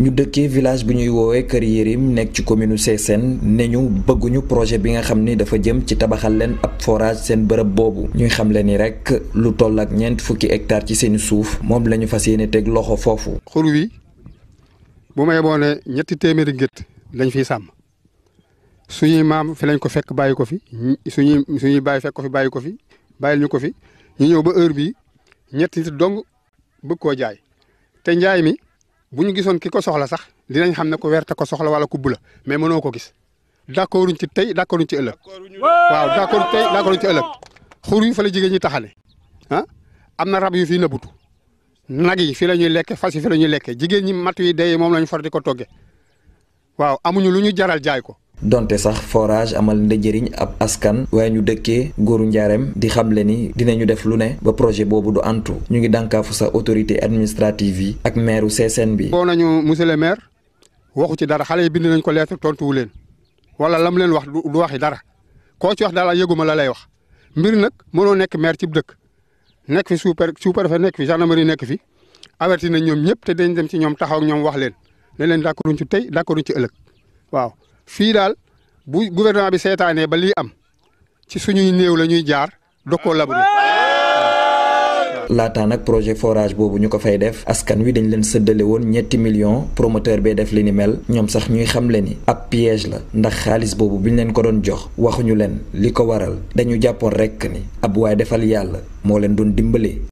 ñu dëkkee village bi ñuy woowee Kër Yérim nekk ci commune Sessène nee ñu bëgguñu projet bi nga xam ni dafa jëm ci tabaxal leen ab forage seen bërëb boobu ñuy xam le ni rek lu toll ak ñeent fukki hectare ci seeni suuf moom la ñu fas yéene teg loxo foofu. xur wi bu may boone ñetti téeméeri gétt lañ fi sàmm suñuy maam fi lañ ko fekk bàyyi ko fi suñuy suñuy bàyyi fekk ko fi bàyyi ko fi bàyyil ñu ko fi ñu ñëw ba heure bii ñetti nit dong bëgg koo jaay te njaay mi. bu ñu gisoon ki ko soxla sax dinañ xam ne ku werte ko soxla wala ko bula mais mënoo ko gis d'accord uñ ci tey d'accord uñ ci ëllëg waaw d'accord tey d'accord uñ ci ëllëg xur yi fa la jigéen ñi taxane ah am na rab yu fi nëbbutu nag yi fi la ñuy lekke fas yi fi la ñuy lekke jigéen ñi matt yi day moom la ñu far di ko toggee waaw amuñu lu ñu jaral jaay ko donte sax forage amal na njëriñ ab askan waaye ñu dëkkee góoru njaareem di xamle ni ñu def lu ne ba projet boobu du antu ñu ngi dànkaafu sa autorité administrative yi ak maireu Sessène bi. woo nañu monsieur le maire waxu ci dara xale yi bind nañ ko lettre tontuwu leen wala lam leen wax du waxi dara koo ci wax dara yëguma la lay wax mbir nag mënoo nekk maire ci dëkk nekk fi sous sous préfet nekk fi gendarmerie nekk fi averti ñoom ñëpp te dañ dem ci ñoom taxaw ñoom wax leen ne leen d'accorduñ ci tey d'accorduñ ci ëllëg waaw. fii daal bu gouvernement bi seetaanee ba lii am ci suñuy néew la ñuy jaar dokkoo labourer. laataa nag projet forage boobu ñu ko fay def askan wi dañ leen sëddale woon ñetti millions promoteur bee def li ni mel ñoom sax ñuy xam le ni ab piège la ndax xaalis boobu bi ñu leen ko doon jox waxuñu leen li ko waral dañu jàppoon rekk ni ab waay defal yàlla moo leen doon dimbali.